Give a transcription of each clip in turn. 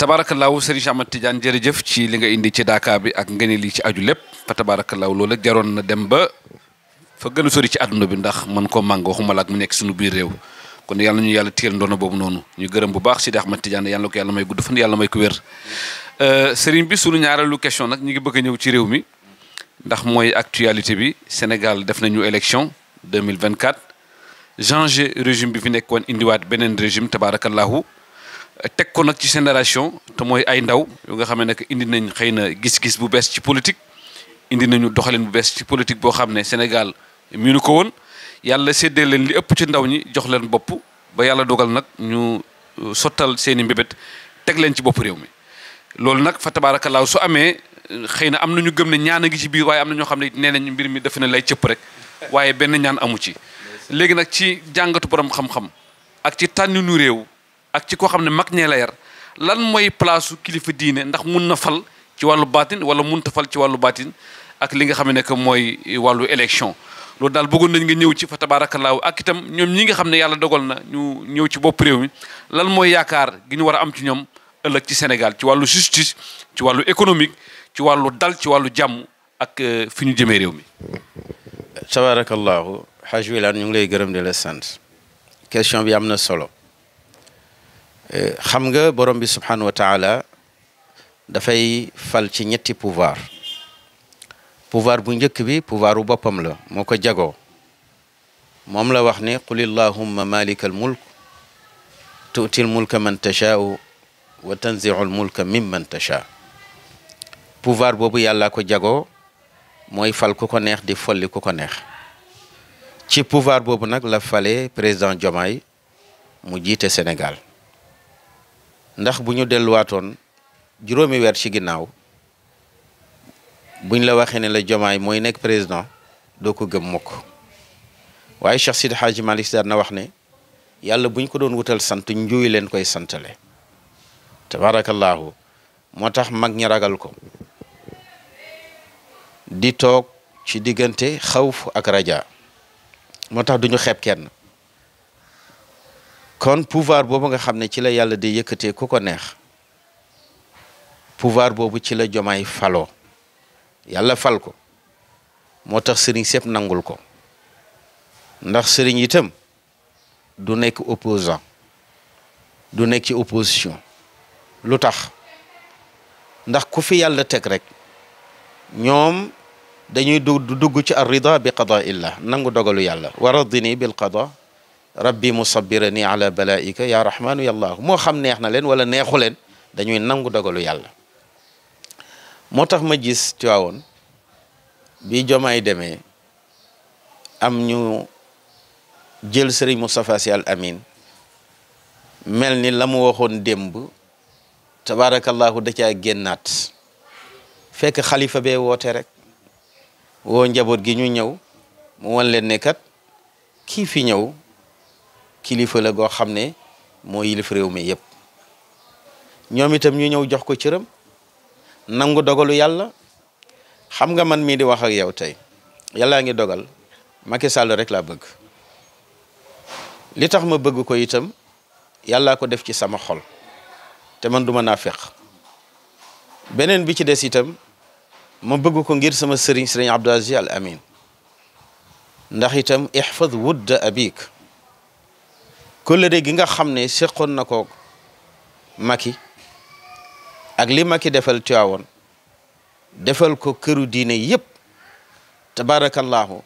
tabarakallahu Serigne Cheikh Ahmad Tidiane jërëjëf ci li nga indi ci dakar bi ak ngeene li ci aju lepp fa tabarakallahu loolu jaron na dem ba fa gën sori ci aduna bi ndax man ko mang waxuma lak mu nek suñu biir rew kon yalla ñu yalla téyel ndono bobu nonu ñu gëreem bu baax Sidi Ahmad Tidiane yalla ko yalla may gudd fa yalla may wër euh Serigne bi suñu ñaareelu question nak ñi ngi bëgg ñew ci rew mi ndax moy actualité bi senegal def nañu élection 2024 changer régime bi fi indi indiwaat benen régime tabarakallahu teg ko nag ci génération te mooy ay ndaw yu nga xam ne indi nañ xëy na gis-gis bu bees ci politique indi nañu doxalin bu bees ci politique boo xam ne Sénégal miinu ko woon yàlla séddee leen li ëpp ci ndaw ñi jox leen bopp ba yàlla dogal nag ñu euh, sottal seeni mbébét teg leen ci bopp réew mi loolu nag fa tabaarakallaahu su amee euh, xëy na am na ñu gëm ne ñaan a ngi ci biir waaye am na ñoo xam ne it nee nañ mbir mi dafa ne lay cëpp rek waaye benn ñaan amu ci léegi nag ci jàngatu borom xam ak ci tànninu réew ak ci koo xam ne mag ñee la yar lan mooy place kilifa diine ndax mun na fal ci wàllu baatin wala mun ta fal ci wàllu baatin ak li nga xam ne que mooy wàllu élection loolu daal bëggoon nañ nga ñëw ci fa tabaarakallaahu ak itam ñoom ñi nga xam ne yàlla dogal na ñu ñëw ci bopp réew mi lan mooy yaakaar gi ñu war a am ci ñoom ëllëg ci Sénégal ci wàllu justice ci wàllu économique ci wàllu dal ci wàllu jàmm ak euh, fi ñu jëmee réew mi tabaarakallaahu xaj wilaan ñu ngi lay gërëm di la sant question bi am na solo xam nga borom bi subhanahu wa taala da fay fal ci ñetti pouvoir pouvoir bu ñëk bi pouvoir bu boppam la moko jago mom la wax ni qul illahumma malika al mulk tu'til mulka man tasha'u wa tanzi'u al mulka mimman tasha' pouvoir bobu yàlla ko jago moy fal ku ko neex di folli ku ko neex ci pouvoir bobu nak la fale président Diomaye mu jité Sénégal ndax bu ñu delluwaatoon juróomi weer ci ginnaaw buñ la waxee ne la jomaay mooy nekk président doo ko gëm mukk waaye Cheikh Sidi Hadji Malick Sy na wax ne yàlla buñ ko doon wutal sant njuuy leen koy santale tabaarakallaahu moo tax mag ñi ragal ko di toog ci diggante xawf ak raja moo tax duñu xeeb kenn kon pouvoir bobu nga xamne ci la yàlla di yëkëté ku ko neex pouvoir bobu ci la jomay falo yàlla fal ko motax serigne sëriñ sépp nangul ko ndax serigne itam du nekk opposant du nekk ci opposition lutax ndax ku fi yàlla tek rek ñom dañuy dugg ci ar-ridha bi qada'illah nangu dogalu yàlla waradini bil qada rabbi musabbirani ala balaika ya rahmaanu ya allahu moo xam neex na leen wala neexu leen dañuy nangu dogalu yàlla moo tax ma gis Tiwaawoon bi jomaay demee am ñu jël sëriñ Moustapha Sy Al Amine mel ni la mu waxoon démb tabaarakallahu da caa génnaat fekk xalifa bee woote rek woo njaboot gi ñu ñëw mu wan leen ne kat kii fi ñëw kilifa la go xamne ne yilif réew mi yëpp ñoom itam ñu ñëw jox ko cëram nangu dogalu yàlla xam nga man mi di wax ak yow tay yalla nga dogal Macky Sall rek la bëgg li tax ma bëgg ko itam yalla ko def ci sama xol te man duma ma naa feq bi ci dess itam ma bëgg ko ngir sama serigne serigne Abdou Aziz Al Amin ndax itam ihfaz wudda abik kóllëre gi nga xam ne seqoon na ko Macky ak li Macky defal Tiwaawoon defal ko këru diine yépp tabaarakallaahu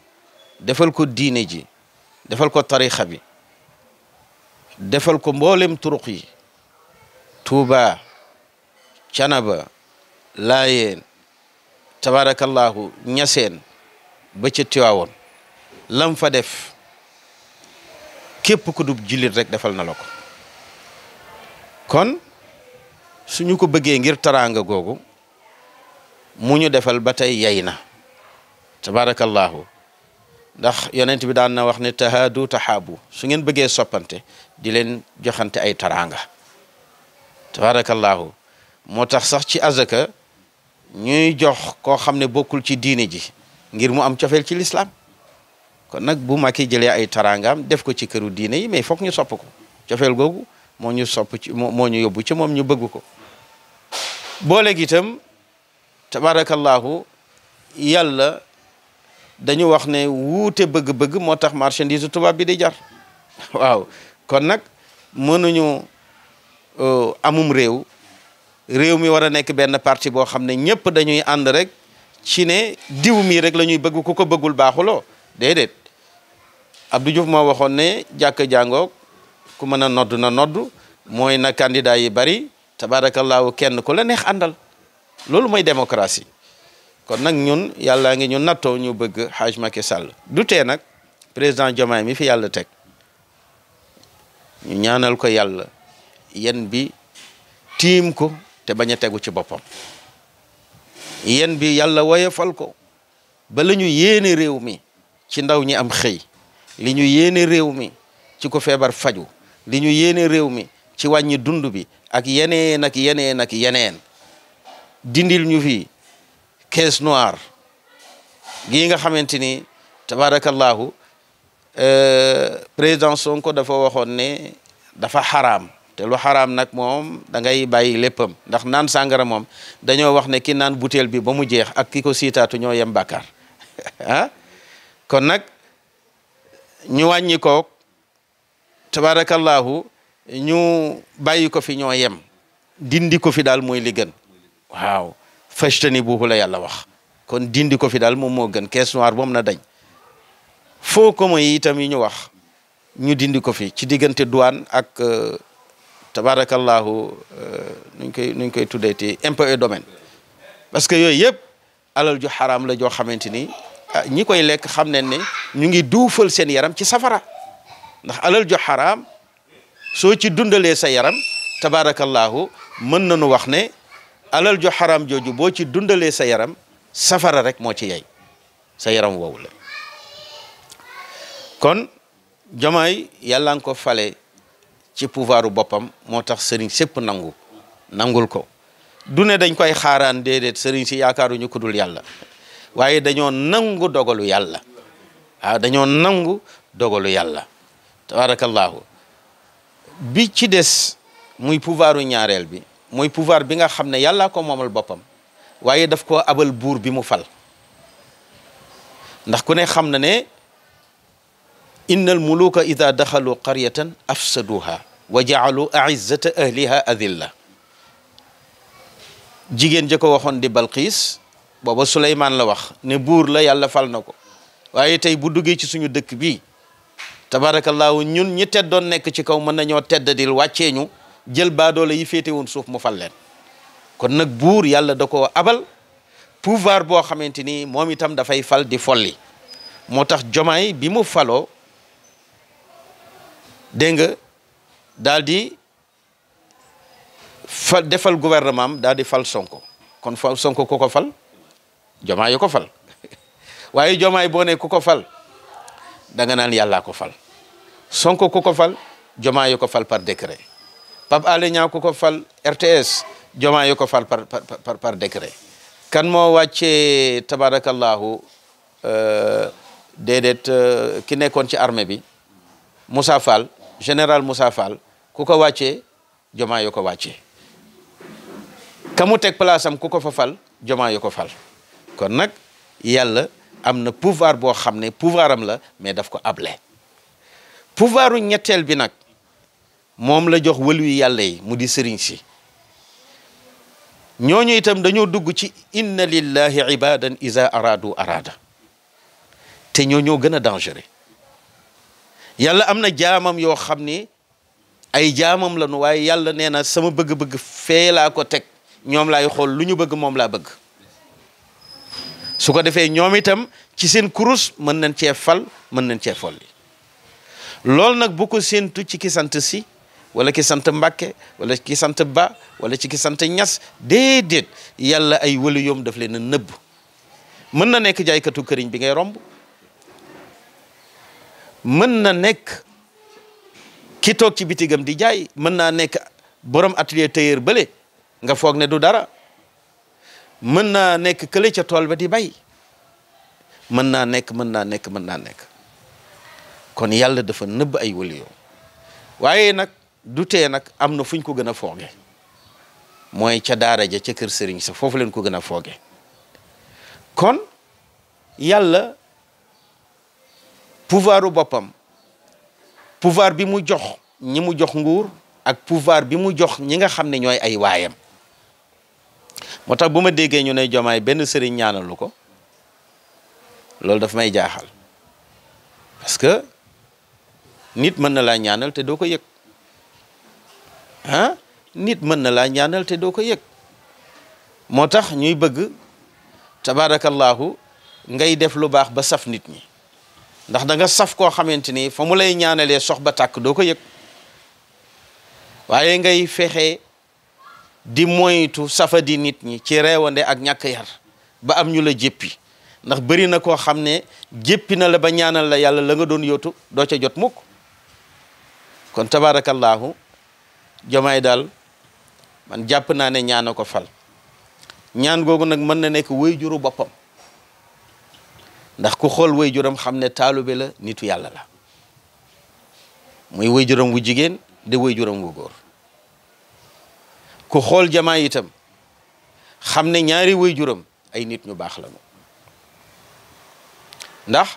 defal ko diine ji defal ko tarixa bi defal ko mboolem turuq yi Tuuba Canaba Laayeen tabaarakallaahu Ñaseen ba ca Tiwaawoon lam fa def képp ku dub jullit rek defal na la ko kon ñu ko bëggee ngir taraanga googu mu ñu defal ba tey yay na tabaarakallaahu ndax yonent bi daan na wax ne tahaadu tahaabu su ngeen bëggee soppante di leen joxante ay taraanga tabaarakallaahu moo tax sax ci azaka ñuy jox koo xam ne bokkul ci diine ji ngir mu am cofeel ci lislaam kon nag bu Macky jëlee ay tarangaam def ko ci këru diine yi mais foog ñu sopp ko cofeel googu moo ñu sopp ci moo ñu yóbbu ci moom ñu bëgg ko boole gi itam tabarakallahu yàlla dañu wax ne wuute bëgg-bëgg moo tax marchandise tubaab bi di jar waaw kon nag mënuñu euh, amum réew réew mi war a nekk benn parti boo xam ne ñëpp dañuy ànd rek ci diw mii rek lañuy ñuy bëgg ko bëggul baaxuloo déedéet abdu Diouf moo waxoon ne jàkk jàngoog ku mën a nodd na nodd mooy na candidat yi bari tabaarakallaahu kenn ku la neex àndal loolu mooy démocratie kon nag ñun yàllaa ngi ñu nattoo ñu bëgg Hadj Macky Sall du tee nag président joma mi fi yàlla teg ñu ñaanal ko yàlla yen bi tiim ko te bañ a tegu ci boppam yen bi yàlla fal ko ba la ñu yéene réew mi ci ndaw ñi am xëy li ñu yéene réew mi ci ko feebar faju li ñu yéene réew mi ci wàññi dund bi ak yeneen ak yeneen ak yeneen dindil ñu fi caisse noire gii nga xamante ni tabarakallahu euh, président Sonko dafa waxoon ne dafa xaraam te lu xaraam nag moom da ngay bàyyi léppam ndax naan sàngara moom dañoo wax ne ki naan butéel bi ba mu jeex ak ki ko siitaatu ñoo yem bàkkaar ah kon nag ñu wàññi ko ñu bàyyi ko fi ñoo yem dindi ko fi daal mooy li gën waaw fashtani buuhu la yàlla wax kon dindi ko fi daal moom moo gën caisse noire moom na dañ faux commun yi itam yi ñu wax ñu dindi ko fi ci diggante duwaan ak euh, tabaarakallaahu euh, nuñ koy nuñ koy tuddee ti impôt et domaine parce que yooyu yëpp alal ju xaraam la joo xamante ni Ah, ñi koy lekk xam ne ne ñu ngi duufal seen yaram ci safara ndax alal ju xaraam soo ci dundalee sa yaram tabaarakallaahu mën nañu wax ne alal ju xaraam jooju boo ci dundalee sa yaram safara rek moo ci yey sa yaram woowu la kon jomaay yàlla nga ko fale ci pouvoiru boppam moo tax sëriñ sëpp nangu nangul ko du ne dañ koy xaaraan déedéet sëriñ si yaakaaruñu kudul yàlla waye dañoo nangu dogalu yàlla waaw dañoo nangu dogalu yàlla tabarakallahu bi ci dess muy pouvoiru ñaarel bi muy pouvoir bi nga xamne yalla ko momal bopam waye daf ko abal buur bi mu fal ndax ku ne xamna ne innal muluka idha dakhalu qaryatan afsaduha wa jaalu aizzata ahliha adilla jigéen ja ko waxoon di balqiis booba Souleymane la wax ne buur la yàlla fal na ko waaye tey bu duggee ci suñu dëkk bii tabaarakallaahu ñun ñi teddoon nekk ci kaw mën nañoo teddadil wàccee ñu jël baadoole yi féete woon suuf mu fal leen kon nag buur yàlla da koo abal pouvoir boo xamante ni moom itam dafay fal di folli moo tax jomaay bi mu faloo dégg nga daal fa defal gouvernement am daal di fal sonko kon fa sonko ko ko fal jomaay yu ko fal waaye jomaay boo ne ku ko fal danga naan yàllaa ko fal sonko ku ko fal jomaay yu ko fal par décret Pape Alé Niang ku ko fal RTS jomaay yu ko fal par par kan moo wàccee tabarakallahu euh, déedéet euh, ki nekkoon ci armée bi Moussa Fall général Moussa Fall ku ko wàccee jomaay yu ko ka mu teg place am ku ko fa fal jomaay yu ko fal kon nag yàlla am na pouvoir boo xam ne pouvoir la mais def ko able pouvoiru ñetteel bi nag moom la jox wëlu yu yàlla yi mu di sëriñ si ñooñu itam dañoo dugg ci inna lillahi ibadan iza aradu araada te ñoo ñoo gën a dangere yàlla am na jaamam yoo xam ni ay jaamam lañu waaye yàlla nee na sama bëgg-bëgg fee laa ko teg ñoom laay xool lu ñu bëgg moom laa bëgg su ko defee ñoom itam ci seen kurus mën nañ cee fal mën nañ cee folli loolu nag bu ko séentu ci ki sant si wala ki sant mbàkke wala ki sant ba wala ci ki sant ñas déedéet yàlla ay wëlu yoom daf leen a nëbb mën na nekk jaaykatu këriñ bi ngay romb mën na nekk ki toog ci bitigam di jaay mën naa nekk borom atelier tailleur bële nga foog ne du dara mën naa nekk kële ca tool ba di bay mën naa nekk mën naa nekk mën naa nekk kon yàlla dafa nëbb ay waliyo waaye nag du tee nag am na fuñ ko gën a fooge mooy ca daara ja ca kër sëriñ sa foofu leen ko gën a fooge kon yàlla pouvoiru boppam pouvoir bi mu jox ñi mu jox nguur ak pouvoir bi mu jox ñi nga xam ne ñooy ay waayam moo tax bu ma déggee ñu ne jomaay benn sëriñ ñaanalu ko loolu dafa may jaaxal parce que nit mën na laa ñaanal te doo ko yëg ah nit mën na laa ñaanal doo ko yëg moo tax ñuy bëgg tabaarakallaahu ngay def lu baax ba saf nit ñi ndax danga saf koo xamante ni fa mu lay ñaanalee sox ba tàkk doo ko yëg waaye ngay fexe di moytu safadi nit ñi ci reewande ak ñàkk yar ba am ñu la jéppi ndax bëri na koo xam ne jéppi na la ba ñaanal la yàlla la nga doon yóotu doo ca jot mukk kon tabaarakallaahu jomaay daal man jàpp naa ne ñaan ko fal ñaan googu nag mën na nekk wayjuru boppam ndax ku xool wayjuram xam ne taalube la nitu yàlla la muy wayjuram wu jigéen de wayjuram wu góor ku xool jamaa itam xam ne ñaari waajuram ay nit ñu baax lañu ndax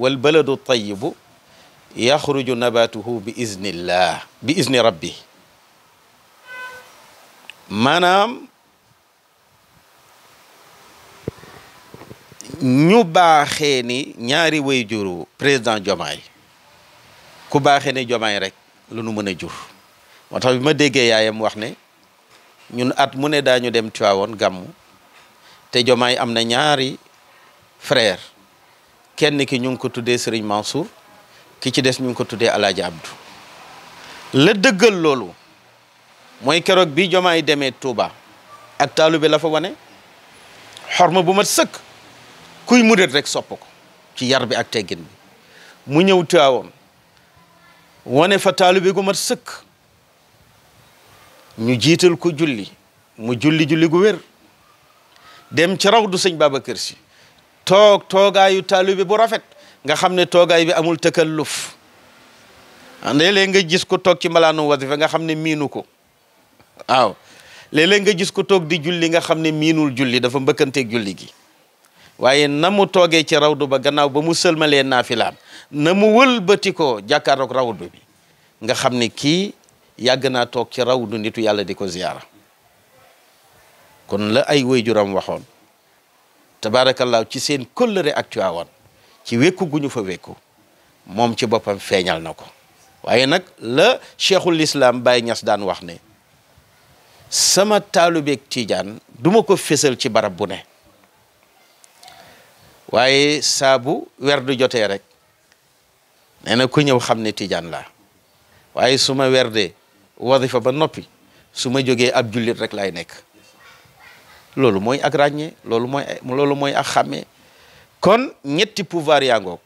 wal baladu tayibu yaxruju nabatuhu bi iznillah bi izni rabbi maanaam ñu baaxee ni ñaari way juru président Diomaye ku baaxee ni Diomaye rek lu nu mën a jur moo tax ma déggee yaayam wax ne ñun at mu ne daañu dem Tiwaawoon gàmmu te Jomaay am na ñaari frère kenn ki ñu ngi ko tuddee Sëriñ Mansour ki ci des ñu ngi ko tuddee Alaaji Abdu la dëggal loolu mooy keroog bi Jomaay demee Touba ak taalu bi la fa wane xorma bu mat sëkk kuy murit rek sopp ko ci yar bi ak teggin mu ñëw Tiwaawoon wane fa taalu bi gu mat sëkk ñu jiital ko julli mu julli julli gu wér dem ci raw du sëñ Babacar Si toog toogaayu taalibe bu rafet nga xam ne toogaay bi amul tëkkalluf ah, léeg nga jis ko toog ci malaanu wasifa nga xam ne miinu ko aw léeg nga gis ko toog di julli nga xam ne miinul julli dafa mbëkkanteeg julli gi waaye na mu toogee ci rawdu ba gannaaw ba mu sëlmalee naafilaam na mu wëlbati ko jàkkaarook rawdu bi nga xam ne kii yàgg naa toog ci raw du nitu yàlla di ko ziyaara kon la ay wayjuram waxoon tabaarakallaahu ci seen kóllëre ak Tiwaawan ci wékku gu fa wékku moom ci boppam feeñal na ko waaye nag la cheikhul islam Baye Niass daan wax ne sama taalubeeg Tiijaan duma ko fésal ci barab bu ne waaye saabu werdu jotee rek nee na ku ñëw xam ne Tiijaan la waaye suma ma werdee wadifa ba noppi je ma ab rek lay nek lolou moy ak ragné lolou moy lolou moy ak kon ñetti pouvoir ya ngok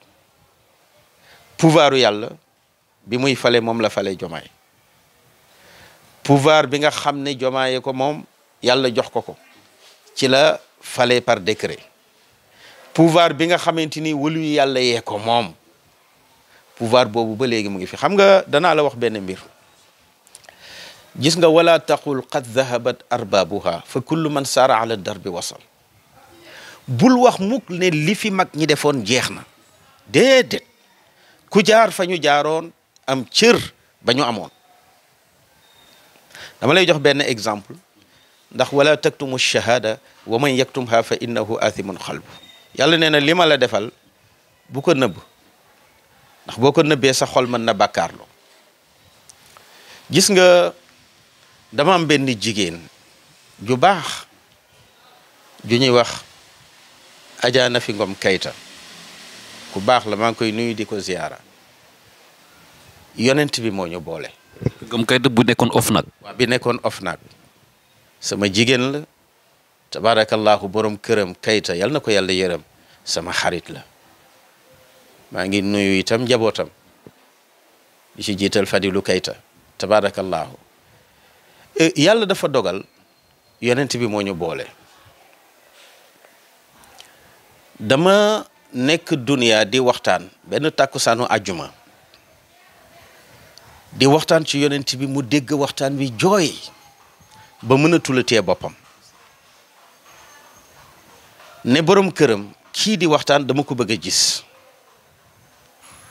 pouvoiru yalla bi muy falé mom la falé pouvoir bi nga ne ko jox ko ko ci la par décret pouvoir bi nga pouvoir Le ba mu ngi fi xam nga la wax mbir gis nga wala taqul qad dhahabat arbaabuha fa kullu man saara ala darbi wasal bul wax mukk ne li fi mag ñi defoon jeex na déedéet ku jaar fa ñu jaaroon am cër ba ñu amoon dama lay jox benn exemple ndax wala taktumu shahada wa man yaktumha fa innahu athimun xalbu yàlla nee na li ma la defal bu ko nëbb ndax boo ko nëbbee sa xol mën na bàkkaarloo gis nga dama am benn jigéen ju baax ju ñuy wax Adja Nafi Ngom Keïta ku baax la maa ngi koy nuyu di ko ziyaara yonent bi mooñu boole. Ngom Keïta bu nekkoon OFNAC. waaw bi nekkoon OFNAC sama jigéen la tabaarakallahu boroom këram Keïta yal na ko yàlla yërëm sama xarit la maa ngi nuyu itam njabootam di ci jiital fadilu Keïta tabaarakallahu Eh, yàlla dafa dogal yonent bi moo ñu boole dama nekk duniya di waxtaan benn tàkkusaanu àjjuma di waxtaan ci yonent bi mu dégg waxtaan wi jooy ba mën a tulatee boppam ne borom këram kii di waxtaan dama ko bëgg a gis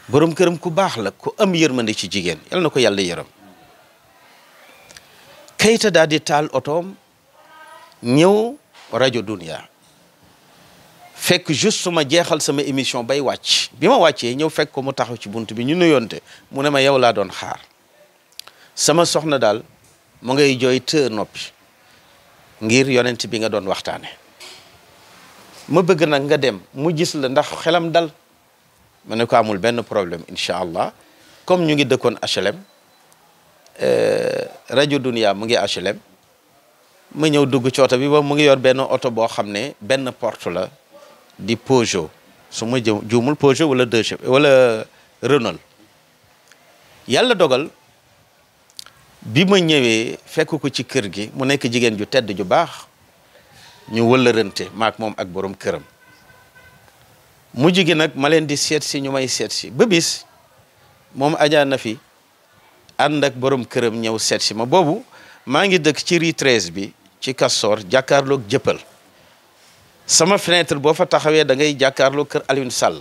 borom këram ku baax la ku am yërmande ci jigéen yal na ko yàlla yërëm Keita daal di taal otoom ñëw rajo Dunia fekk juste ma jeexal sama émission bay wàcc bi ma wàccee ñëw fekk ko mu taxaw ci bunt bi ñu nuyoonte mu ne ma yow laa doon xaar sama soxna daal mu ngay jooy te noppi ngir yonent bi nga doon waxtaane ma bëgg nag nga dem mu gis la ndax xelam dal ma ne ko amul benn problème incha allah comme ñu ngi dëkkoon HLM euh, rajo Dunia mu ngi HLM ma ñëw dugg ci oto bi ba mu ngi yor benn oto boo xam ne benn porte la di pojo su ma jëw juumul Peugeot wala deux wala Renault yàlla dogal bi ma ñëwee fekk ko ci kër gi mu nekk jigéen ju tedd ju baax ñu wëllërante maak moom ak borom këram mu jigéen nag ma leen di seet si ñu may seet si ba bis moom ajaa na fi ànd ak borom këram ñëw seet si ma boobu maa ngi dëkk ci rue bi ci Castor jàkkaarlook jëppal sama fenêtre boo fa taxawee da ngay jàkkaarloog kër Alioune Sall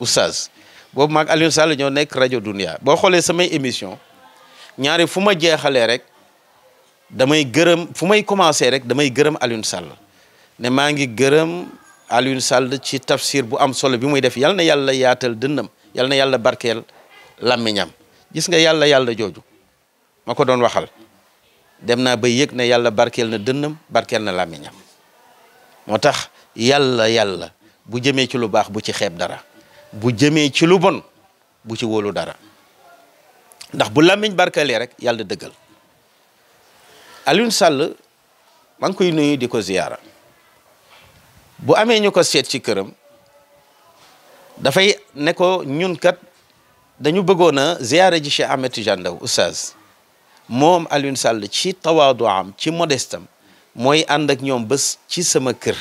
oustaz boobu maag Alioune Sall ñoo nekk rajo Dunia boo xoolee samay émission ñaari fu ma jeexalee rek damay gërëm fu may commencé rek damay gërëm Alioune Sall ne maa ngi gërëm Alioune Sall ci tafsir bu am solo bi muy def yal na yàlla yaatal dënnam yal na yàlla barkeel làmmiñam gis nga yàlla yàlla jooju ma ko doon waxal dem naa ba yëg ne yàlla barkeel na dënnam barkeel na làmmiñam moo tax yàlla yàlla bu jëmee ci lu baax bu ci xeeb dara bu jëmee ci lu bon bu ci wóolu dara ndax bu làmmiñ barkeelee rek yàlla dëggal Alioune sàll maa ngi koy nuyu di ko ziyaara bu amee ñu ko seet ci këram dafay ne ko ñun kat dañu bëggoon a ziyaare ji Cheikh Ahmed Tidiane Ndao moom Alioune Sall ci tawaadu am ci modestam mooy ànd ak ñoom bës ci sama kër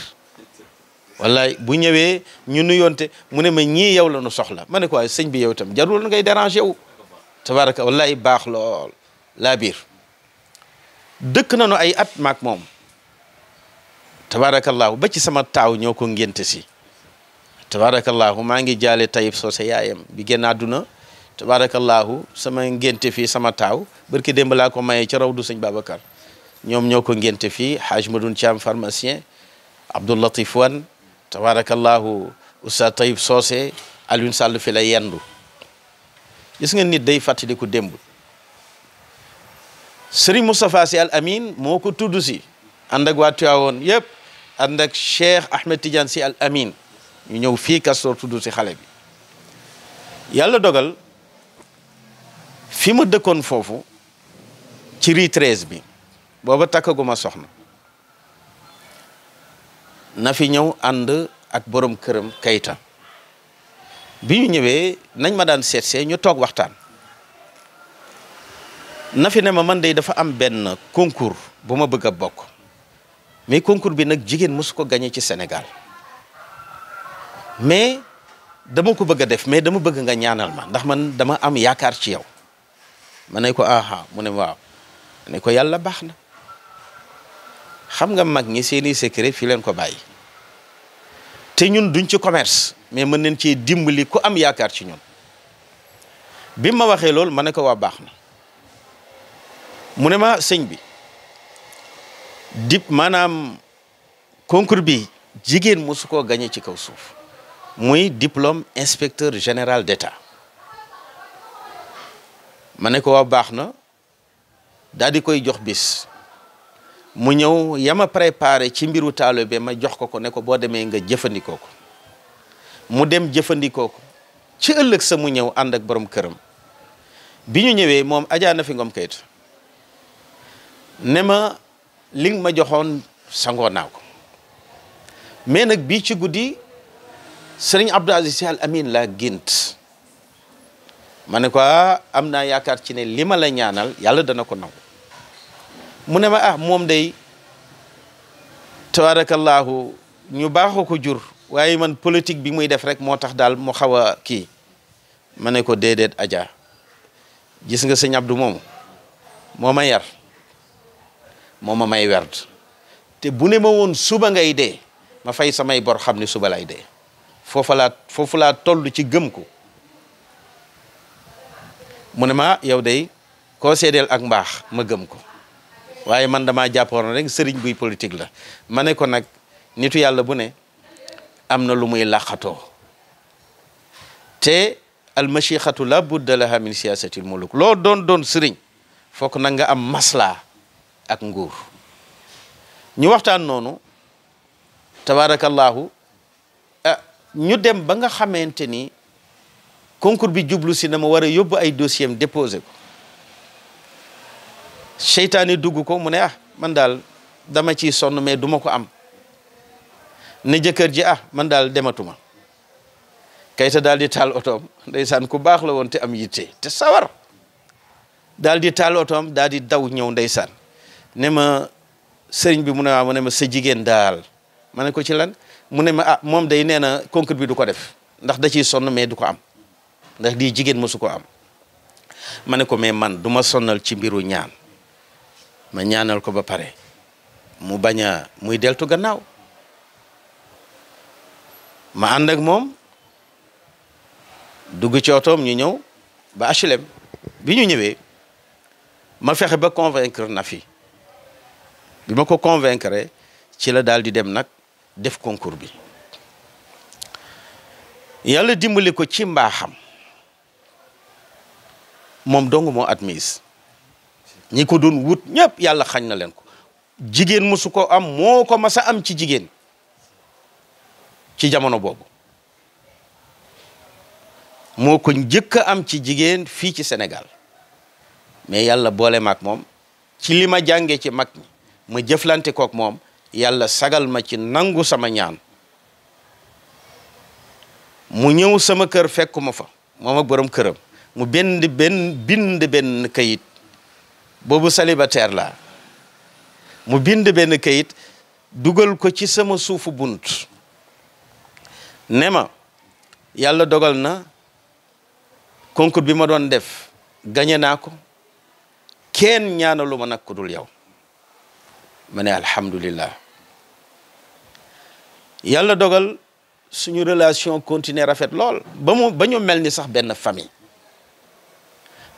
wallaay bu ñëwee ñu nuyoonte mu ne ma ñii yow lanu soxla ma ne ko waaye sëñ bi yow itam jarul ngay déranger wu tabaraka wallaay baax lool laa biir dëkk nañu ay at maak moom tabarakallahu ba ci sama taaw ñoo ko ngénte si tabarakallahu maa ngi jaale Tayib Socé yaayam bi génn àdduna tabaarakallaahu sama ngénte fii sama taaw barki demb laa ko mayee ci raw du sëñ Babacar ñoom ñoo ko ngénte fii Haaj Madoun Thiam pharmacien Abdoul Latif Wan tabaarakallaahu Oustaz Tayib Socé Alioune Sall fi la yendu gis nga nit day fàttaliku démb Serigne Moustapha Sy Al Amin moo ko tudd si ànd ak waa Tiwaawoon yëpp ànd ak Ahmed Tidiane Sy Al Amin ñu ñëw fii Castor tudd si xale dogal fi ma dëkkoon foofu ci rue 13 bi booba takkaguma soxna nafi ñëw ànd ak borom këram kayta bi ñëwee nañ ma daan seetsee ñu toog waxtaan nafi ne ma man de dafa am benn concours bu ma bëgg a bokk mais concours bi nag jigéen mosu ko gañee ci senegal mais dama ko bëgg a def mais dama bëgg nga ñaanal ma ndax man dama am yaakaar ci yow ma ne ko aha mu ne waaw ma ne ko yàlla baax na xam nga mag ñi seeni secret fi leen ko bàyyi te ñun duñ ci commerce mais mën nañ cee dimbali ko am yaakaar ci ñun bi ma waxee loolu ma ne ko waa baax na mu ne ma sëñ bi dip maanaam concours bi jigéen mosu koo gañe ci kaw suuf muy diplôme inspecteur général d'état ma ne ko waa baax na daal koy jox bis mu ñëw yama préparé ci mbiru be ma jox ko ko ne ko boo demee nga jëfandikoo ko mu dem jëfandikoo ko ci ëllëg sa mu ñëw ànd ak borom këram bi ñu ñëwee moom Adja Nafi Ngom Keïta ne ma li ma joxoon sangoo naa ko mais nag bii ci guddi sëriñ Abdou Aziz Al Amin laa gént ma ne ko ah, am naa yaakaar ci ne li ma la ñaanal yàlla dana ko nangu mu ne ma ah moom day tabaarakallaahu ñu baaxoo ko jur waaye man politique bi muy def rek moo tax daal mu xaw a kii ma ne ko déedéet Adja gis nga sëñ ñabdu moomu moo ma yar moo ma may werd te bu ne ma woon suba ngay dee ma fay samay bor xam ne suba lay dee foofa laa foofu laa toll ci gëm ko mu ne ma yow day koo seedeel ak mbaax ma gëm ko waaye man damaa jàppoon rek sëriñ buy politique la ma ne ko nag nitu yàlla bu ne am na lu muy làqatoo te almachixatu la budda laha min siyasatil muluk loo doon doon sëriñ fokk na nga am maslaa ak nguur ñu waxtaan noonu tabaarakallaahu ah, ñu dem ba nga xamante ni concours bi jublu si dama war a yóbbu ay dossier am déposé ko seytaane dugg ko mu ne ah man daal dama ciy sonn mais duma ko am ne jëkkër ji ah man daal dematuma kayta daal di taal otoom ndeysaan ku baax la woon te am yitte te sawar daal di taal otoom daal di daw ñëw ndeysaan ne ma sëriñ bi mu ne waa ah, ma sa jigéen daal ma ne ko ci lan mu ne ma ah moom day nee na concours bi du ko def ndax da ciy sonn mais du ko am ndax di jigéen mësu ko am ma ne ko mais man duma sonnal ci mbiru ñaan ma ñaanal ko ba pare mu bañ a muy deltu gannaaw ma ànd ak moom dugg ci otoom ñu ñëw ba HLM bi ñu ñëwee ma fexe ba convaincre na fi bi ma ko convaincre ci la daal di dem nag def concours bi yàlla dimbali ko ci mbaaxam moom dong moo admise ñi ko doon wut ñëpp yàlla xañ na leen ko jigéen mosu ko am moo ko mas a am ci jigéen ci jamono boobu moo ko njëkk a am ci jigéen fii ci Sénégal mais yàlla boole maak moom ci li ma jàngee ci mag ñi ma jëflante kook moom yàlla sagal ma ci nangu sama ñaan mu ñëw sama kër fekk fekkuma fa moom ak borom këram mu benn benn bind benn kayit boobu célibataire la mu bind benn kayit dugal ko ci sama suufu bunt ne ma yàlla dogal na concours bi ma doon def gañe naa ko kenn ñaanalu ma nag ku dul yow ma ne alhamdulillah yàlla dogal suñu relation continuer rafet lool ba mu ba ñu mel ni sax benn famille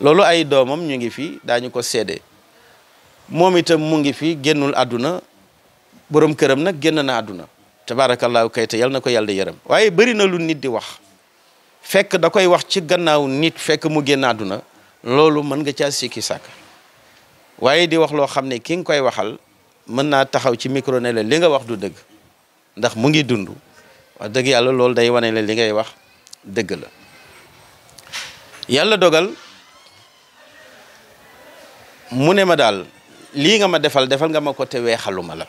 loolu ay doomam ñu ngi fi daañu ko seede moom itam mu ngi fi génnul àdduna borom këram nag génn na àdduna tabaarakallaahu kayta yal na ko yàlla yërëm waaye bëri na lu nit di wax fekk da koy wax ci gannaaw nit fekk mu génn àdduna loolu mën nga caa sikki sàkk waaye di wax loo xam ne ki nga koy waxal mën naa taxaw ci micro ne li nga wax du dëgg ndax mu ngi dund wax dëgg yàlla loolu day wane la li ngay wax dëgg la yàlla dogal mu ne ma daal lii nga ma defal defal nga ma ko te weexalu ma la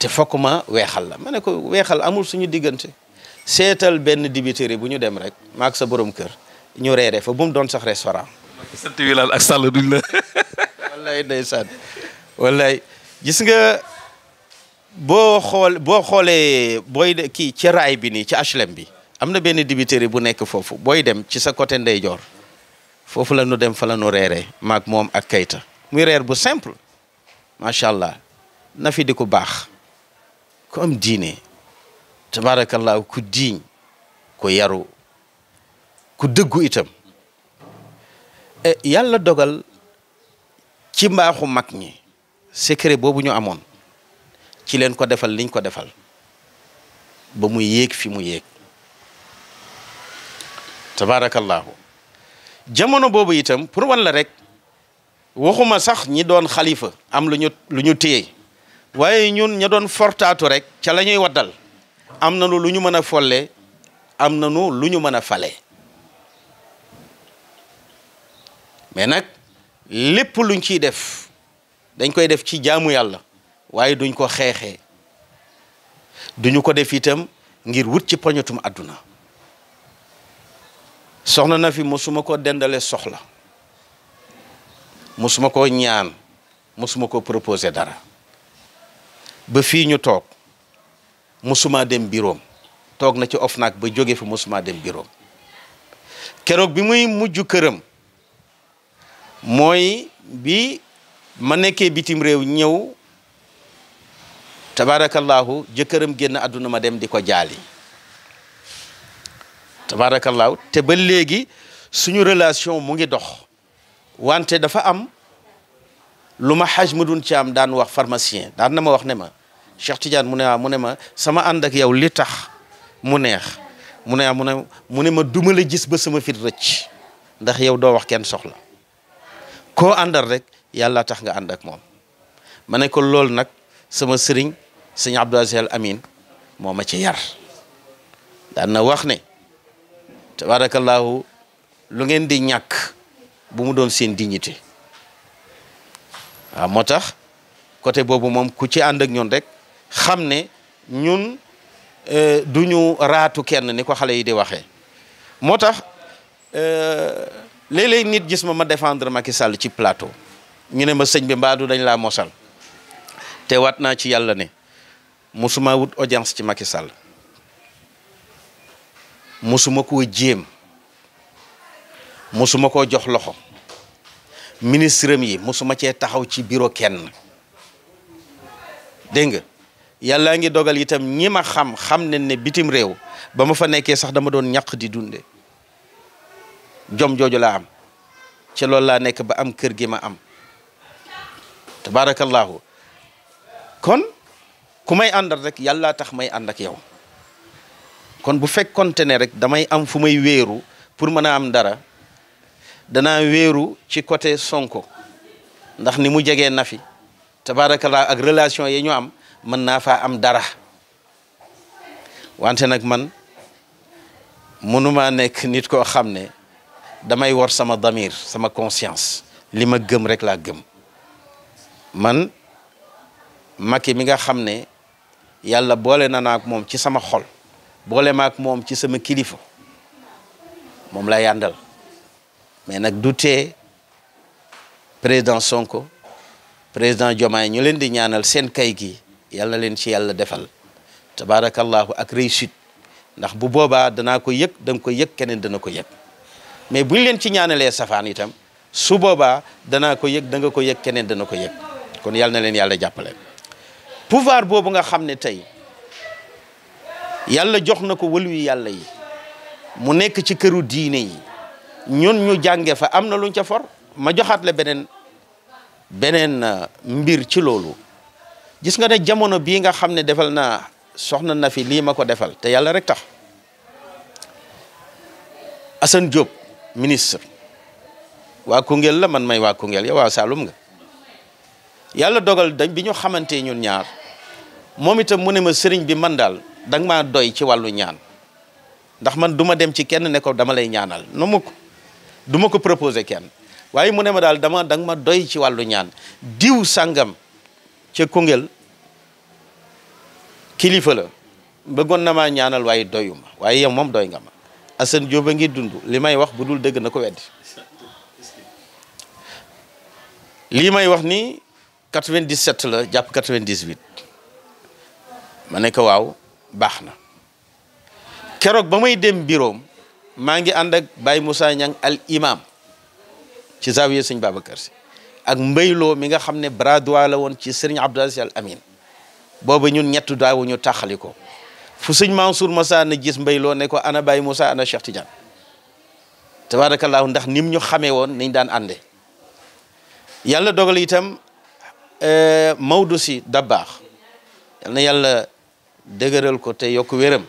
te fokk ma weexal la ma ne ko weexal amul suñu diggante seetal benn dibiteri bu ñu dem rek maak sa borom kër ñu reere fa bu mu doon sax restaurant. sant wi laal ak sàll duñ la. wallaay ndeysaan wallaay gis nga boo xool boo xoolee booy kii ci raay bi nii ci HLM bi am na benn dibiteri bu nekk foofu booy dem ci sa côté ndeyjoor. foofu la dem fa la ñu reeree maag moom ak kayta muy reer bu simple macha allah nafi fi di ku baax ku am diine tabaarakallaahu ku diiñ ku yaru ku dëggu itam eh, yàlla dogal ci mbaaxu mag ñi secret boobu ñu amoon ci leen ko defal liñ ko defal ba mu yéeg fi mu yéeg tabaarakallaahu jamono boobu itam pour wan la rek waxuma sax ñi doon xalifa am lu ñu lu ñu téye waaye ñun ña doon fortaatu rek ca la ñuy waddal am na nu lu ñu mën a folle am na nu lu ñu mën a fale mais nag lépp luñ ci def dañ koy def ci jaamu yàlla waaye duñ ko xeexee duñu ko def itam ngir wut ci poñatum àdduna soxna na fi mosuma ko dendale soxla mosuma ko ñaan mosuma ko proposé dara ba fii ñu toog mosuma dem biroom toog na ci OFNAC ba joge fi mosuma dem biroom keroog bi muy mujj këram mooy bi ma nekkee bitim réew ñëw tabaarakallaahu jëkkëram génn àdduna ma dem di ko jaali tabaarakallaahu te ba léegi suñu relation mu ngi dox wante dafa am lu ma xaj ma dun ci am daan wax pharmacien daan na ma wax ne ma Cheikh Tidiane mu ne mu ne ma sama ànd ak yow li tax mu neex mu ne mu ne mu ne ma duma la gis ba sama fit rëcc ndax yow doo wax kenn soxla koo àndal rek yàlla tax nga ànd ak moom ma ne ko loolu nag sama sëriñ sëñ Abdou Aziz Al Amin moo ma ci yar daan na wax ne tabaarakallaahu lu ngeen di ñàkk bu mu doon seen dignité waaw moo tax côté boobu moom ku ci ànd ak ñun rek xam ne ñun euh, du ñu raatu kenn ni ko xale yi di waxee moo tax euh, léeg-léeg nit gis ma ma défendre Macky ci plateau ñu ne ma sëñ bi mbaadu dañ laa mosal te waat naa ci yàlla ne musuma wut audience ci Macky Sall musuma koo jéem musuma koo jox loxo ministre yi mosuma cee taxaw ci bureau kenn dégg nga yàllaa ngi dogal itam ñi ma xam xam ne ne bitim réew ba ma fa nekkee sax dama doon ñàq di dunde jom jooju laa am ci loolu laa nekk ba am kër gi ma am tabaarakallaahu kon ku may àndal rek yàlla tax may ànd ak yow kon bu fekkonte ne rek damay am fu may wéeru pour mën a am dara danaa wéeru ci côté Sonko ndax ni mu jegee na fi tabaarakallah ak relation yi ñu am mën naa faa am dara wante nag man mënumaa nekk nit koo xam ne damay wor sama damir sama conscience li ma gëm rek laa gëm man Macky mi nga xam ne yàlla boole na naak moom ci sama xol boole maak moom ci sama kilifa moom lay àndal mais nag du tee président Sonko président Diomaye ñu leen di ñaanal seen kay gi yàlla leen ci yàlla defal tabaarakallahu ak réussite ndax bu boobaa danaa ko yëg da nga ko yëg keneen dana ko yëg mais bu ñu leen ci ñaanalee safaan itam su boobaa danaa ko yëg da nga ko yëg keneen dana ko yëg kon yàlla na leen yàlla jàppale pouvoir boobu nga xam ne tey yàlla jox na ko wëluyu yàlla yi mu nekk ci këru diine yi ñun ñu jànge fa am na luñ ca for ma joxaat la beneen beneen euh, mbir ci loolu gis nga ne jamono bii nga xam ne defal naa soxna na fi lii ma ko defal te yàlla rek tax Assane Diop ministre waa Koungheul la man may waa Koungheul yow waa Saloum nga yàlla dogal dañ bi ñu xamante ñun ñaar moom itam mu ne ma sëriñ bi man daal danga ma doy ci wàllu ñaan ndax man duma dem ci kenn ne ko dama lay ñaanal no ma ko du ko proposé kenn waaye mu ne ma daal dama danga ma doy ci wàllu ñaan diw sàngam ce Koungheul kilifa la bëggoon na ma ñaanal waaye doyu ma waaye yow moom doy nga ma Assane Diop a ngi dund li may wax bu dul dëgg na ko weddi lii may wax ni 97 la jàpp 98 ma ne ko waaw baax na keroog ba may dem biroom maa ngi ànd ak Baye Moussa Niang al imam ci zawiya sëñ Babacar si ak mbayloo mi nga xam ne bras droit la woon ci sëriñ Abdou Aziz Al Amin booba ñun ñett daawu ñu taxali ko fu sëñ Mansour Massa na gis mbayloo ne ko ana Baye Moussa ana Cheikh Tidiane tabaarakallaahu ndax nim ñu xamee woon niñ daan ànde yàlla dogal itam Maodo si da baax yal na yàlla dëgëral ko te yokk wéram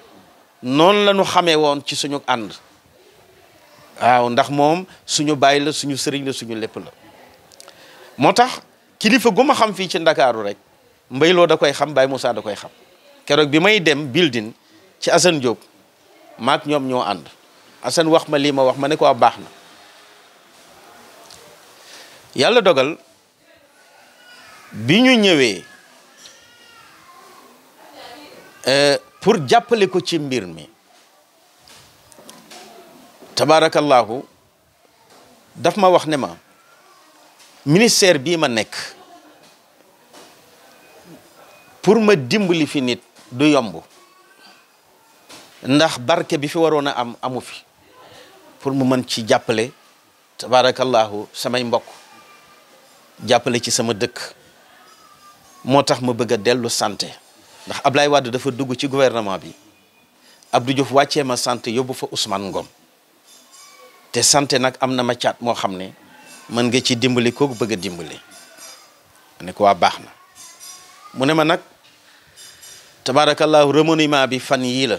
noonu la ñu xamee woon ci suñu ànd waaw ndax moom suñu bàyyi la suñu sëriñ la suñu lépp la moo tax kilifa gu ma xam fii ci ndakaaru rek mbayloo da koy xam Baye Moussa da koy xam keroog bi may dem building ci Assane Diop maak ñoom ñoo ànd Assane wax ma lii ma wax ma ne ko baax na yàlla dogal bi ñu ñëwee Euh, pour jàppale ko ci mbir mi tabaarakallaahu daf ma wax ne ma ministère bii ma nekk pour ma dimbali fi nit du yomb ndax barke bi fi waroon a am amu fi pour mu mën ci jàppale tabaarakallaahu samay mbokk jàppale ci sama dëkk moo tax ma bëgg a dellu sante ndax ablaay Wade dafa dugg ci gouvernement bi Abdou Diouf wàccee ma santé yóbbu fa Ousmane Ngom te santé nag am na ma caat moo xam ne mën nga ci dimbali kooku bëgg a dimbali ma ne ko waa baax na mu ne ma nag tabaarakallaahu remaniement bi fan yii la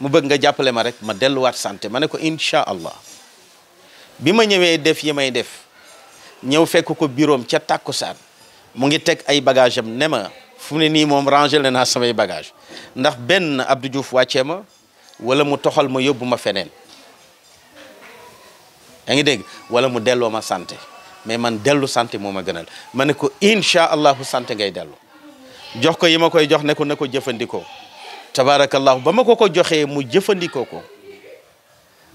mu bëgg nga jàppale ma rek ma delluwaat santé ma ne ko incha allah bi ma ñëwee def yi may def ñëw fekk ko biroom ca saat mu ngi teg ay bagage am ne ma fu ne nii moom rangé le naa samay bagage ndax benn Abdou Diouf wàccee ma wala mu toxal ma yóbbu ma feneen yaa ngi dégg wala mu delloo ma santé mais man dellu santé moom a gënal ma ne ko incha allahu santé ngay dellu jox ko yi ma koy jox ne ko na ko jëfandikoo tabaarakallahu ba ma ko ko joxee mu jëfandikoo ko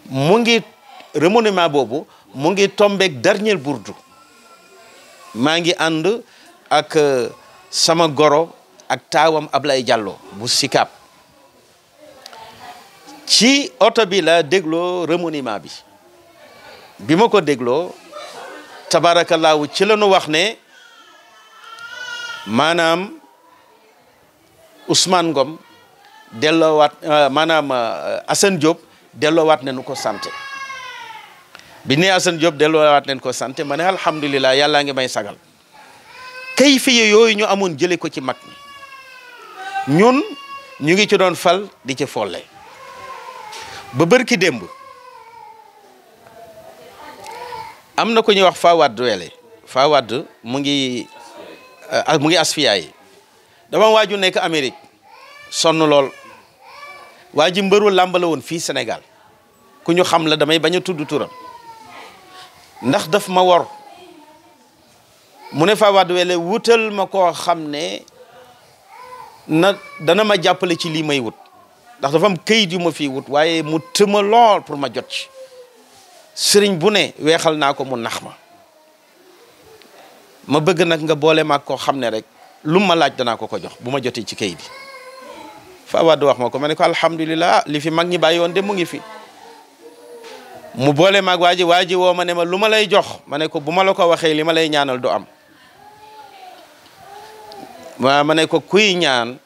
mu ngi remaniement boobu mu ngi tombeeg dernier bourdu maa ngi ànd ak euh, sama goro ak taawam Ablaye Diallo bu Sicap ci oto bi la dégloo remaniement bi bi ma ko dégloo tabaarakallaahu ci la ñu wax ne maanaam Ousmane Ngom delloowaat euh, maanaam euh, Assane Diop delloowaat nañu ko santé bi ne Assane dello delloowaat nañu ko santé ma ne alhamdulilah yàllaa ngi may sagal. kayfiya yooyu ñu amoon jële ko ci mag ñi ñun ñu ngi ci doon fal di ci folle ba bërki démb am na ko ñuy wax Fawad fa Fawad mu ngi euh, mu ngi asfiya yi dama waaju nekk Amérique sonn lool waa ji mbëru làmb la woon ku ñu xam la damay turam ndax daf ma wor mu ne faa waat wele wutal ma koo xam ne na dana ma jàppale ci lii may wut ndax dafa am kayit yu ma fii wut waaye mu tëma lool pour ma jot ci sëriñ bu ne weexal naa ko mu nax ma ma bëgg nag nga boole maag koo xam ne rek lu ma laaj danaa ko ko jox bu ma jotee ci kayit yi faa wax ma ko ma ne ko alhamdulilah li fi mag ñi bàyyi woon de mu ngi fi mu boole maag waa ji waa ji woo ma ne ma lu ma lay jox ma ne ko bu ma la ko waxee li ma lay ñaanal du am ma ma ne ko kuy ñaan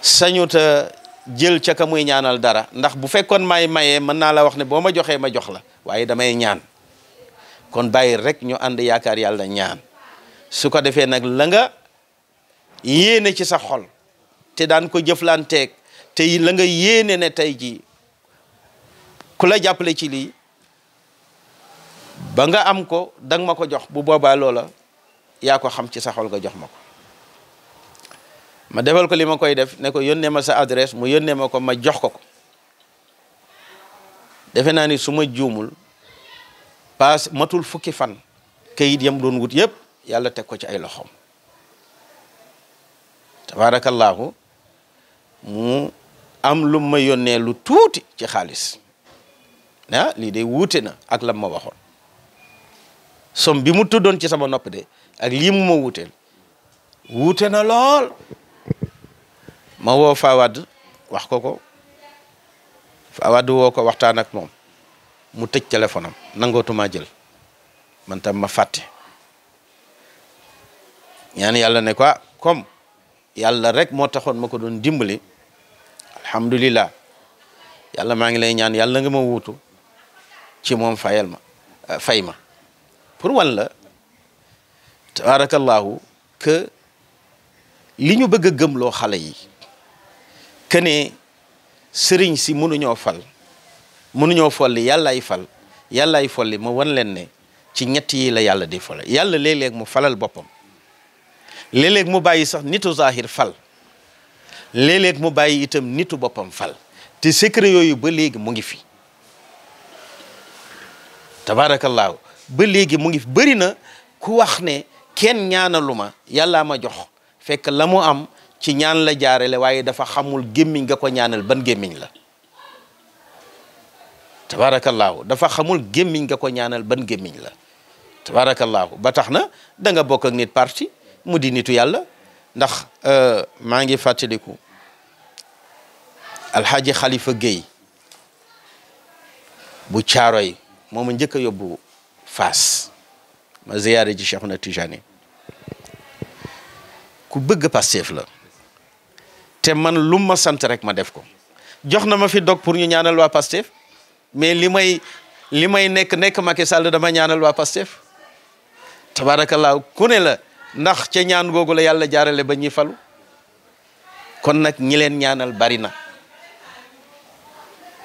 sañuta jël caka muy ñaanal dara ndax bu fekkoon may mayee mën naa la wax ne boo ma joxee ma jox la waaye damay ñaan kon bàyyi rek ñu ànd yaakaar yàlla ñaan su ko defee nag la nga yéene ci sa xol te daan ko jëflanteeg te la nga yéene ne tey jii ku la jàppale ci lii ba nga am ko danga ma ko jox bu boobaa loola yaa ko xam ci sa xol ga jox ma ko ma defal ko li ma koy def ne ko yónnee ma sa adresse mu yónnee ma ko ma jox ko ko defe naa ni su juumul paas matul fukki fan kayit yam doon wut yépp yàlla teg ko ci ay loxoom tabaarakallaahu mu am lu ma yónnee lu tuuti ci xaalis ah lii de wuute na ak lam ma waxoon som bi mu tuddoon ci sama nopp de ak lii ma wuuteel wuute na lool ma woo Fawad wax ko ko Fawad woo ko waxtaan ak moom mu tëj téléphone am nangootuma jël man ma fàtte ñaan yàlla ne quoi kom ah, yàlla rek moo taxoon ma ko doon dimbali alhamdulilah yàlla maa ngi lay ñaan yàlla nga ma wuutu ci moom fayal ma euh, fay ma pour wan la tabarakallahu li ñu bëgg a gëmloo xale yi que ne sëriñ si mënuñoo fal mënuñoo folli yàllaay fal yàllaay folli ma wan leen ne ci ñett yi la yàlla di fal yàlla léeg-léeg mu falal boppam léeg mu bàyyi sax nitu zahir fal léeg mu bàyyi itam nitu boppam fal te secret yooyu ba léegi mu ngi fi tabaarakallaahu ba léegi mu ngi fi bëri na ku wax ne kenn ñaanaluma yàllaa ma jox fekk la mu am ci ñaan la jaarale waaye dafa xamul gémmiñ nga ko ñaanal ban gémmiñ la tabaarakallaahu dafa xamul gémmiñ nga ko ñaanal ban gémmiñ la tabaarakallaahu ba tax na danga nga bokk nit parti mu di nitu yàlla ndax euh, maa ngi fàttaliku alxaaji xalifa Guèye bu caaroy mooma njëkk a yóbbu Faas ma ziyaare ji Cheikh na ku bëgg Pastef la te man lu ma sant rek ma def ko jox na ma fi dog pour ñu ñaanal waa Pastef mais li may li may nekk nekk Macky Sall dama ñaanal waa Pastef tabaarakallaa ku ne la ndax ce ñaan googu la yàlla jaarale ba ñi falu kon nag ñi leen ñaanal bari na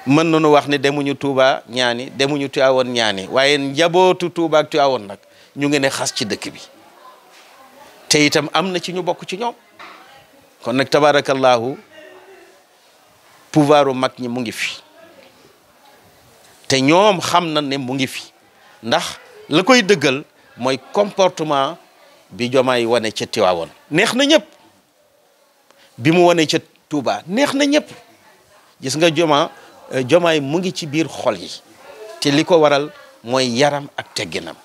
mën nañu wax ne demuñu Touba ñaani demuñu Tiwaawoon ñaani waaye njabootu Touba ak nag ñu ngi ne xas ci dëkk bi te itam am na ci ñu bokk ci ñoom kon nag tabaarakallaahu pouvoiru mag ñi mu ngi fi te ñoom xam na ne mu ngi fi ndax la koy dëggal mooy comportement bi Diomaye wane ca Tiwaawoon neex na ñëpp bi mu wane ca Touba neex na ñëpp gis nga Joma euh, Diomaye mu ngi ci biir xol yi te li ko waral mooy yaram ak tegginam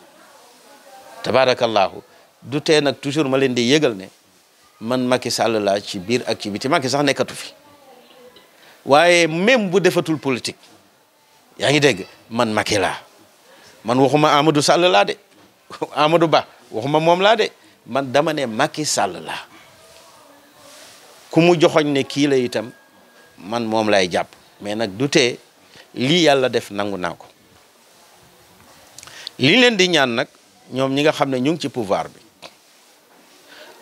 tabaarakallaahu du tee nag toujours ma leen di yëgal ne man Macky Sall la ci biir ak Macky sax nekkatu fi waaye même bu defatul politique yaa ngi dégg man Macky laa man waxuma Amadou Sall laa de Amadou Ba waxuma moom laa de man dama ne Macky Sall laa ku mu joxoñ ne kii la itam man moom lay jàpp mais nag du tee lii yàlla def nangu naa ko li leen di ñaan nag ñoom ñi nga xam ne ñu ngi ci pouvoir bi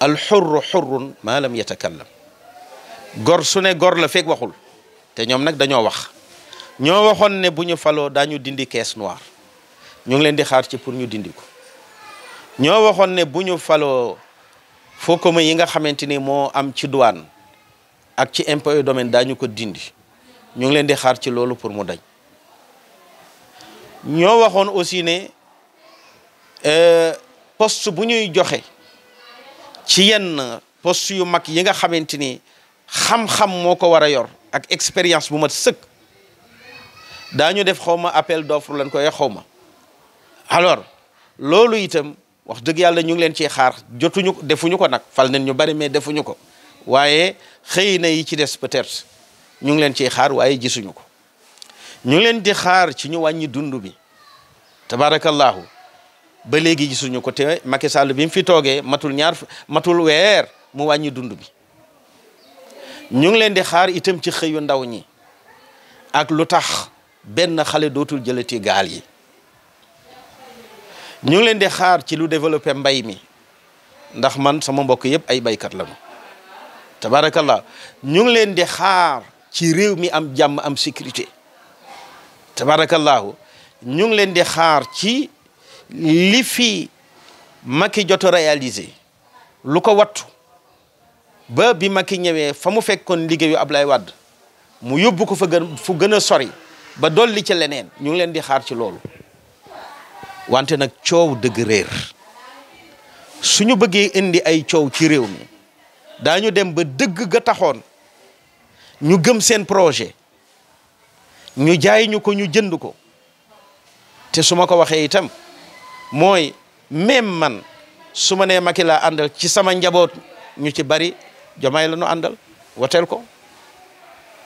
alxurru xurrun maa lam yatakallam gor su ne gor la feeg waxul te ñoom nag dañoo wax ñoo waxoon ne bu ñu faloo daañu dindi caisse noire ñu ngi leen di xaar ci pour ñu dindi ko ñoo waxoon ne bu ñu faloo foo ko yi nga xamante ni moo am ci douane ak ci impôt domaine daañu ko dindi ñu ngi leen di xaar ci loolu pour mu dañ ñoo waxoon aussi ne euh, poste bu ñuy joxe ci yenn post yu mag yi nga xamante ni xam-xam moo ko war a yor ak expérience bu mat sëkk daañu def xaw ma appel d'offre lañ koy xaw ma alors loolu itam wax dëgg yàlla ñu ngi leen ci xaar jotuñu defuñu ko nag fal nañ ñu bari mais defuñu ko waaye xëy na yi ci des peut-être ñu ngi leen ciy xaar waaye gisuñu ko ñu ngi leen di xaar ci ñu wàññi dund bi tabaarakallaahu ba léegi gisuñu ko te Macky Sall bi mu fi toogee matul ñaar matul weer mu wàññi dund bi ñu ngi leen di xaar itam ci xëyu ndaw ñi ak lu tax benn xale dootul jëlati gaal yi ñu ngi leen di xaar ci lu développé mbay mi ndax man sama mbokk yëpp ay baykat lañu tabarakallah ñu ngi leen de xaar ci réew mi am jàmm am sécurité tabarakallahu ñu ngi leen di xaar ci li fi makki jot a réalisé lu ko wattu ba bi Macky ñëwee fa mu fekkoon liggéeyu Ablaye Wade mu yóbbu ko fa gën fu gën a sori ba dolli ci leneen ñu ngi leen di xaar ci loolu wante nag coow dëgg réer suñu bëggee indi ay coow ci réew mi daañu dem ba dëgg ga taxoon ñu gëm seen projet ñu jaay ñu ko ñu jënd ko te su ma ko waxee itam mooy même man su ma nee Macky laa àndal ci sama njaboot ñu ci bari Diomaye la ñu àndal woteel ko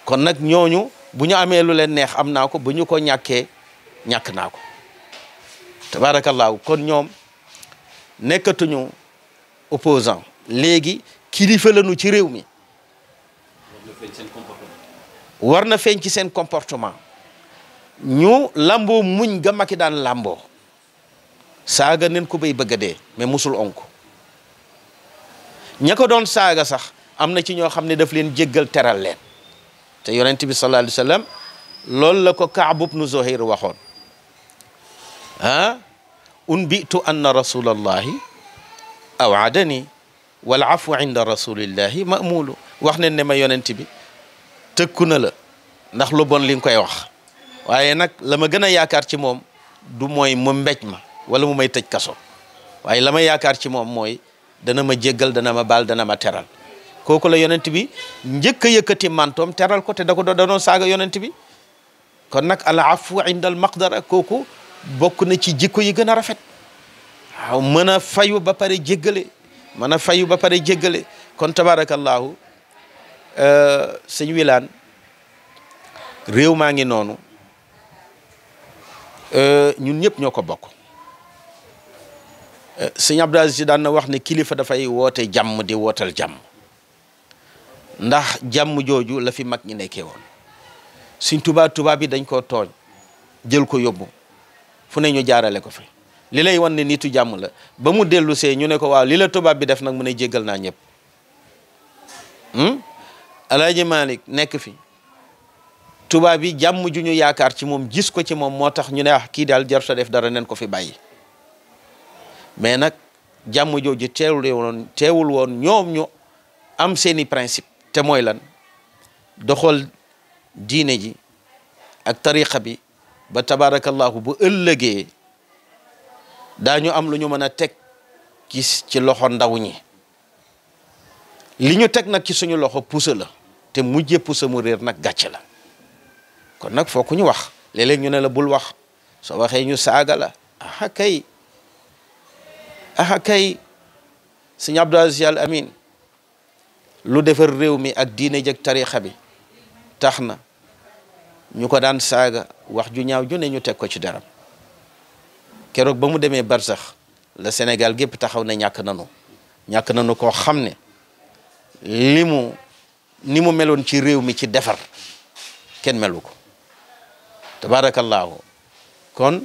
kon nag ñooñu bu ñu amee lu leen neex am naa ko bu ñu ko ñàkkee ñàkk naa ko tabaarakallaahu kon ñoom nekkatuñu opposant léegi kilifa lañu ci réew mi war na feeñ ci seen comportement ñu lamboo muñ ga Macky daan lamboo saga nen ko bay bëgg a mais musul onk ña ko doon saaga sax amna ci ño xamne daf leen jéggal teral leen te yaronte bi sallallahu alayhi wasallam lol la ko Kaab ibnu Zuhayr waxoon ah unbitu anna rasulallahi awaadani wal afu inda rasulillah mamulu wax ne ne ma yaronte bi tekkuna la ndax lu bon li nga koy wax waye nak lama gëna yaakar ci mom du moy mu mbéj ma wala mu may tëj kaso waaye la may yaakaar ci moom mooy dana ma jéggal dana ma baal dana ma teral kooku la yonent bi njëkk a yëkkati mantoom teral ko te da ko doo saaga yonent bi kon nag al afu indal maqdara kooku bokk na ci jikko yi gën a rafet waaw mën a fayu ba pare jéggale mën a fayu ba pare jéggale kon tabaarakallaahu euh, sëñ wilaan réew maa ngi noonu euh, ñun ñëpp ñoo ko bokk Eh, sëñ Abdou Aziz daan na wax ne kilifa dafay woote jàmm di wootal jàmm ndax jàmm jooju la fi mag ñi nekkee woon suñ tubaab tubaab bi dañ koo tooñ jël ko yóbbu fu ne ñu jaarale ko fi li lay wan ne nitu jàmm la ba mu dellu see ñu ne ko waaw li la tubaab bi def nag mu ne jéggal naa ñëpp hmm? Alaaji Malik nekk fi tubaab bi jàmm ju ñu yaakaar ci moom jis ko ci moom moo tax ñu ne ah kii daal jar def dara nen ko fi bàyyi mais nag jàmm jooju teewul woon teewul woon ñoom ñu am seeni principe te mooy lan doxal diine ji ak tariqa bi ba tabaarakallahu bu ëllëgee daañu am lu ñu mën a teg gis ci loxo ndaw ñi li ñu teg nag ci suñu loxo pusa la te mujjee pusa mu réer nag gàcce la kon nag foo ñu wax léeg ñu ne la bul wax soo waxee ñu saaga la kay ah kay sëñ Abdou Aziz Al Amin lu defar réew mi ak diine jëg tariixa bi tax na ñu ko daan saaga wax ju ñaaw ju ne ñu teg ko ci deram keroog ba mu demee barsax la Sénégal gépp taxaw ne ñàkk nanu ñàkk nanu koo xam ne li mu ni mu meloon ci réew mi ci defar kenn melu ko tabaarakallaahu kon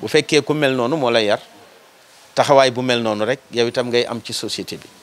bu fekkee ku mel noonu moo lay yar taxawaay bu mel noonu rek yow itam ngay am ci société bi